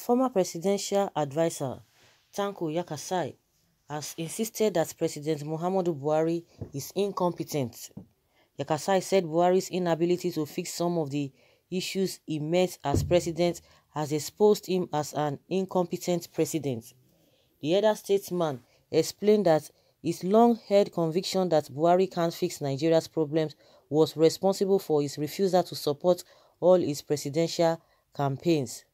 former presidential adviser Tanko Yakasai has insisted that President Muhammadu Buhari is incompetent. Yakasai said Buhari's inability to fix some of the issues he met as president has exposed him as an incompetent president. The other statesman explained that his long-held conviction that Buhari can't fix Nigeria's problems was responsible for his refusal to support all his presidential campaigns.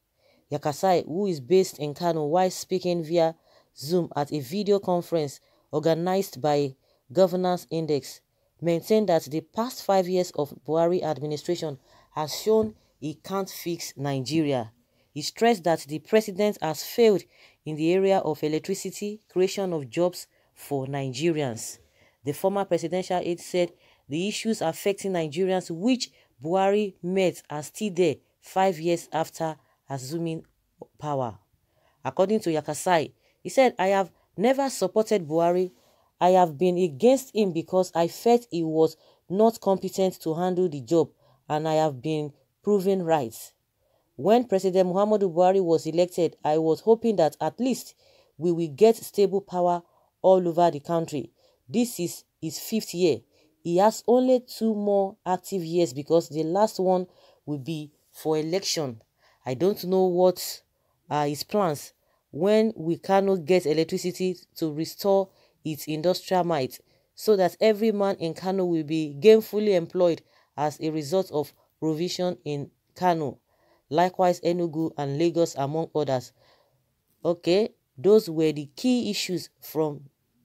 Yakasai, who is based in Kano while speaking via Zoom at a video conference organized by Governance Index, maintained that the past five years of Buhari administration has shown he can't fix Nigeria. He stressed that the president has failed in the area of electricity, creation of jobs for Nigerians. The former presidential aide said the issues affecting Nigerians which Buhari met are still there five years after assuming power. According to Yakasai, he said, I have never supported Buhari. I have been against him because I felt he was not competent to handle the job and I have been proven right. When President Muhammadu Buhari was elected, I was hoping that at least we will get stable power all over the country. This is his fifth year. He has only two more active years because the last one will be for election. I don't know what are his plans when we cannot get electricity to restore its industrial might so that every man in Kano will be gainfully employed as a result of provision in Kano. Likewise, Enugu and Lagos, among others. Okay, those were the key issues from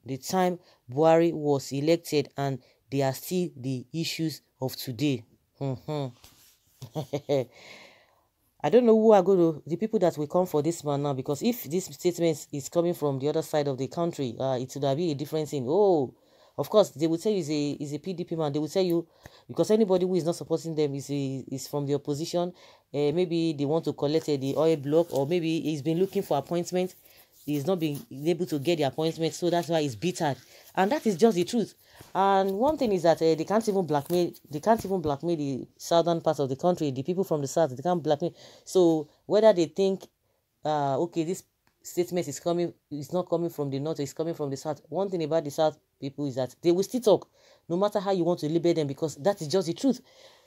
the time Buhari was elected and they are still the issues of today. Mm-hmm. I don't know who are going to, the people that will come for this man now, because if this statement is coming from the other side of the country, uh, it would be a different thing. Oh, of course, they will tell you a, he's a PDP man. They will tell you, because anybody who is not supporting them is, a, is from the opposition. Uh, maybe they want to collect uh, the oil block, or maybe he's been looking for appointment he's not being able to get the appointment, so that's why he's bitter, and that is just the truth. And one thing is that uh, they can't even blackmail. They can't even blackmail the southern part of the country. The people from the south, they can't blackmail. So whether they think, uh, okay, this statement is coming, it's not coming from the north, it's coming from the south. One thing about the south people is that they will still talk, no matter how you want to liberate them, because that is just the truth.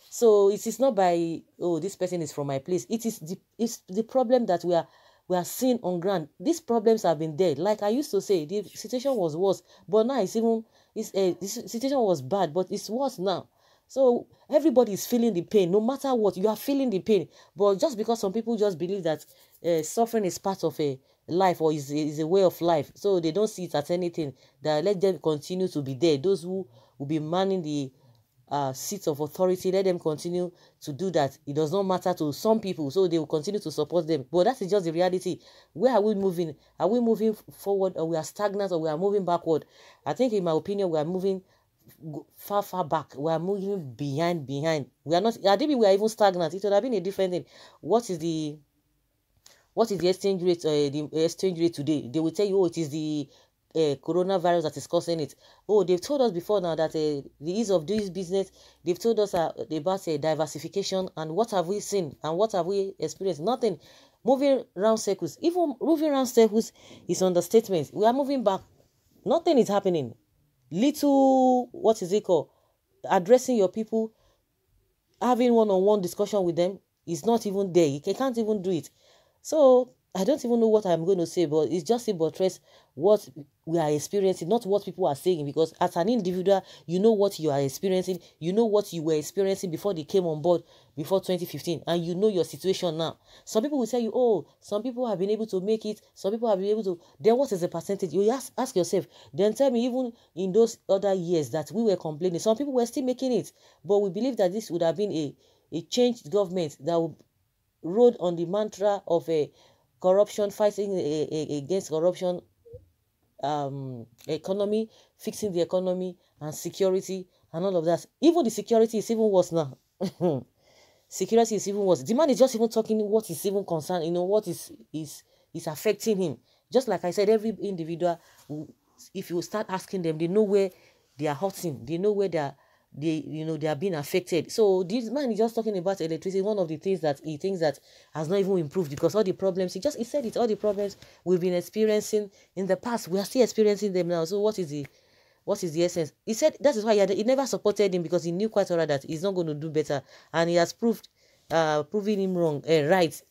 So it is not by oh, this person is from my place. It is the it's the problem that we are we are seeing on ground these problems have been there like i used to say the situation was worse but now it's even it's a eh, the situation was bad but it's worse now so everybody is feeling the pain no matter what you are feeling the pain but just because some people just believe that uh, suffering is part of a life or is, is a way of life so they don't see it as anything that let them continue to be there those who will be manning the uh, seats of authority. Let them continue to do that. It does not matter to some people, so they will continue to support them. But that is just the reality. Where are we moving? Are we moving forward, or we are stagnant, or we are moving backward? I think, in my opinion, we are moving far, far back. We are moving behind, behind. We are not. I think we are even stagnant. It would have been a different thing. What is the what is the exchange rate? Uh, the exchange rate today? They will tell you, oh, it is the a coronavirus that is causing it. Oh, they've told us before now that uh, the ease of doing business, they've told us uh, about uh, diversification and what have we seen and what have we experienced? Nothing. Moving round circles, even moving round circles is understatement. We are moving back. Nothing is happening. Little, what is it called? Addressing your people, having one on one discussion with them is not even there. You can't even do it. So I don't even know what I'm going to say, but it's just about trust what we are experiencing, not what people are saying. Because as an individual, you know what you are experiencing, you know what you were experiencing before they came on board before 2015, and you know your situation now. Some people will tell you, Oh, some people have been able to make it, some people have been able to. Then what is the percentage? You ask, ask yourself, then tell me, even in those other years that we were complaining, some people were still making it, but we believe that this would have been a, a changed government that would rode on the mantra of a eh, corruption, fighting against corruption, um, economy, fixing the economy, and security, and all of that. Even the security is even worse now. security is even worse. The man is just even talking what is even concerned, you know, what is is is affecting him. Just like I said, every individual, if you start asking them, they know where they are hurting, they know where they are they you know they are being affected so this man is just talking about electricity one of the things that he thinks that has not even improved because all the problems he just he said it all the problems we've been experiencing in the past we are still experiencing them now so what is the what is the essence he said that is why he, had, he never supported him because he knew quite well that he's not going to do better and he has proved uh proving him wrong uh, right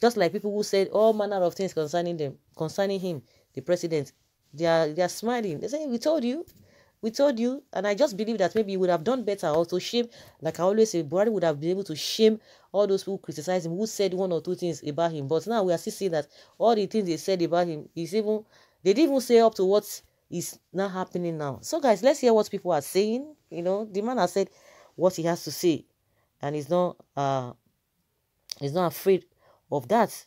just like people who said all manner of things concerning them concerning him the president they are they are smiling they say we told you we told you, and I just believe that maybe he would have done better also shame, like I always say, Buhari would have been able to shame all those who criticized him, who said one or two things about him. But now we are still seeing that all the things they said about him is even, they didn't even say up to what is now happening now. So guys, let's hear what people are saying. You know, the man has said what he has to say, and he's not, uh, he's not afraid of that.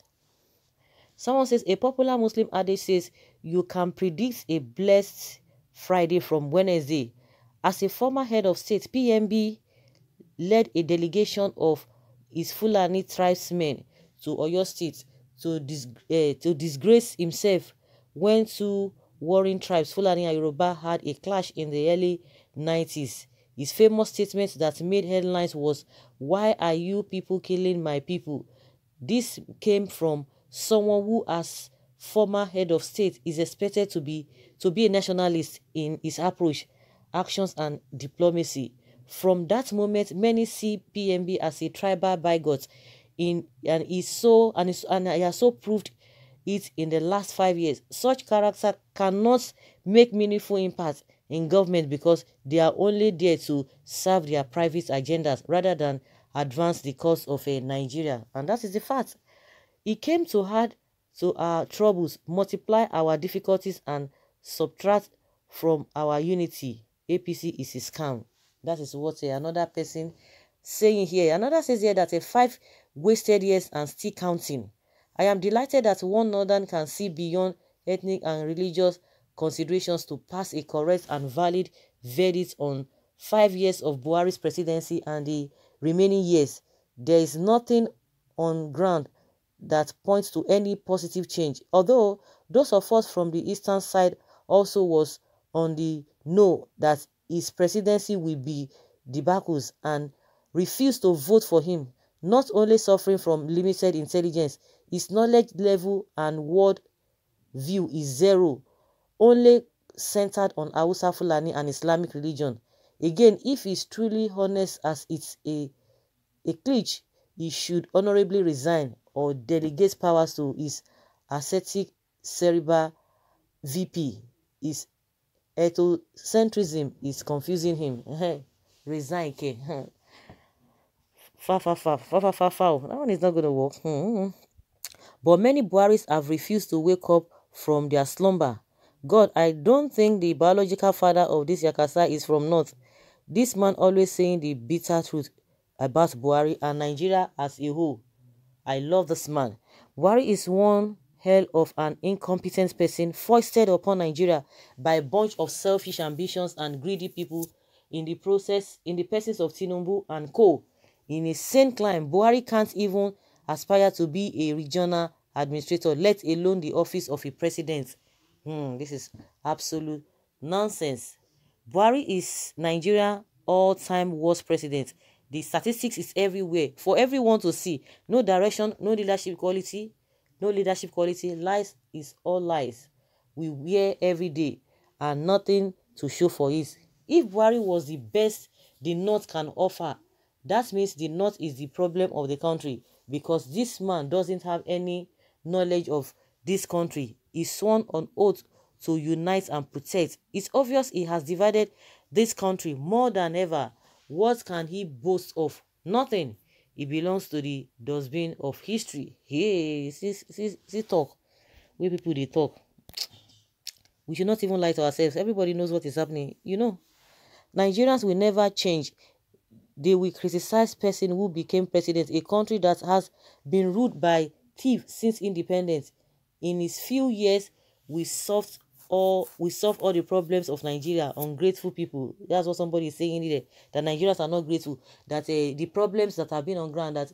Someone says, a popular Muslim adage says, you can predict a blessed Friday from Wednesday as a former head of state, PMB led a delegation of his Fulani tribesmen to Oyo State to, dis uh, to disgrace himself when two warring tribes, Fulani and Yoruba, had a clash in the early 90s. His famous statement that made headlines was, Why are you people killing my people? This came from someone who has former head of state is expected to be to be a nationalist in his approach, actions and diplomacy. From that moment, many see PMB as a tribal bigot in and is so and, is, and has so proved it in the last five years. Such character cannot make meaningful impact in government because they are only there to serve their private agendas rather than advance the cause of a eh, Nigeria. And that is the fact. It came to hard. So our troubles, multiply our difficulties and subtract from our unity. APC is a scam. That is what uh, another person saying here. Another says here that a uh, eh, five wasted years and still counting. I am delighted that one northern can see beyond ethnic and religious considerations to pass a correct and valid verdict on five years of Buhari's presidency and the remaining years. There is nothing on ground that points to any positive change. Although those of us from the eastern side also was on the know that his presidency will be debacles and refused to vote for him, not only suffering from limited intelligence, his knowledge level and world view is zero, only centered on Hausa Fulani and Islamic religion. Again, if he's truly honest as it's a, a glitch, he should honorably resign or delegates powers to his ascetic cerebral VP. His ethnocentrism is confusing him. Resign, K. Far, far, far, far, far, far, oh. That one is not going to work. Hmm. But many Buaris have refused to wake up from their slumber. God, I don't think the biological father of this Yakasa is from North. This man always saying the bitter truth about Buhari and Nigeria as a whole. I love this man. Buhari is one hell of an incompetent person foisted upon Nigeria by a bunch of selfish ambitions and greedy people in the process, in the persons of Tinubu and co. In a sane climb, Buhari can't even aspire to be a regional administrator, let alone the office of a president. Hmm, this is absolute nonsense. Buhari is Nigeria all-time worst president. The statistics is everywhere for everyone to see. No direction, no leadership quality, no leadership quality. Lies is all lies. We wear every day and nothing to show for it. If Buhari was the best the North can offer, that means the North is the problem of the country because this man doesn't have any knowledge of this country. He sworn on oath to unite and protect. It's obvious he has divided this country more than ever what can he boast of? Nothing. He belongs to the dustbin of history. Hey, see, see, see talk. We people, they talk. We should not even lie to ourselves. Everybody knows what is happening. You know, Nigerians will never change. They will criticize person who became president, a country that has been ruled by thieves since independence. In his few years, we saw. Or we solve all the problems of Nigeria. Ungrateful people. That's what somebody is saying there. That Nigerians are not grateful. That uh, the problems that have been on ground that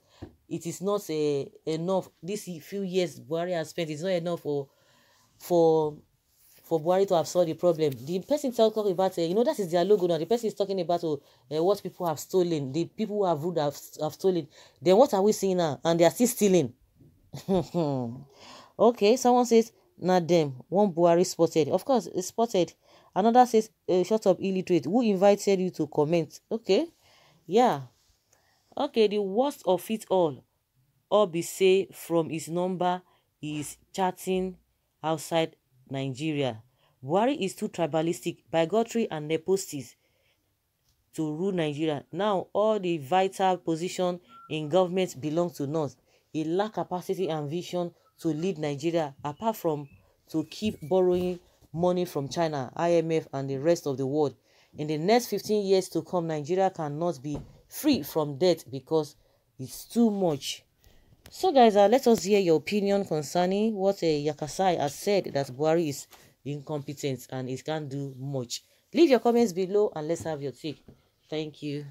it is not uh, enough. This few years Buhari has spent is not enough for for for Buhari to have solved the problem. The person talking about, uh, you know, that is their logo now. The person is talking about uh, what people have stolen, the people who have ruled have, have stolen. Then what are we seeing now? And they are still stealing. okay, someone says, not them. One Buhari spotted. Of course, spotted. Another says, uh, shut up, illiterate. Who invited you to comment? Okay. Yeah. Okay, the worst of it all. Obi say from his number is chatting outside Nigeria. Buhari is too tribalistic, bigotry and nepotism to rule Nigeria. Now all the vital position in government belong to North. He lack capacity and vision to lead Nigeria apart from to keep borrowing money from China, IMF, and the rest of the world. In the next 15 years to come, Nigeria cannot be free from debt because it's too much. So, guys, uh, let us hear your opinion concerning what uh, Yakasai has said that Buhari is incompetent and it can't do much. Leave your comments below and let's have your take. Thank you.